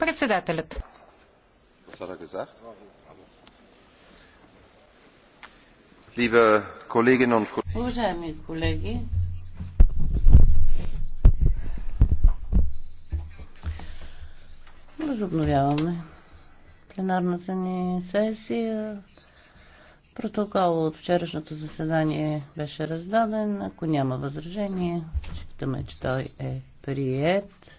Председателят. Уважаеми колеги, Възобновяваме пленарната ни сесия. Протокол от вчерашното заседание беше раздаден. Ако няма възражение, считаме, че той е прият.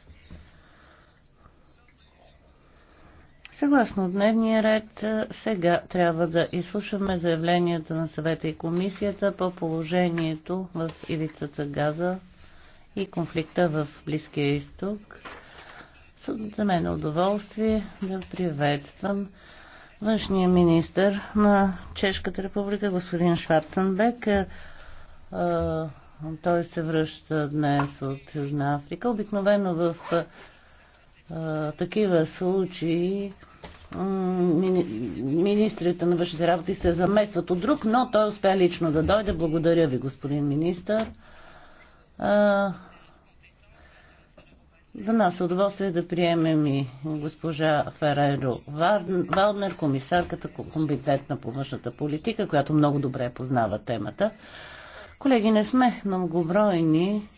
Съгласно дневния ред, е, сега трябва да изслушаме заявленията на съвета и комисията по положението в ивицата Газа и конфликта в Близкия изток. За мен е удоволствие да приветствам външния министр на Чешката република, господин Шварценбек. Е, той се връща днес от Южна Африка. Обикновено в е, такива случаи мини... министрите на външните работи се заместват от друг, но той успя лично да дойде. Благодаря ви, господин министр. А... За нас е удоволствие да приемем и госпожа Ферайро Валнер, комисарката, компетентна по външната политика, която много добре познава темата. Колеги, не сме многобройни,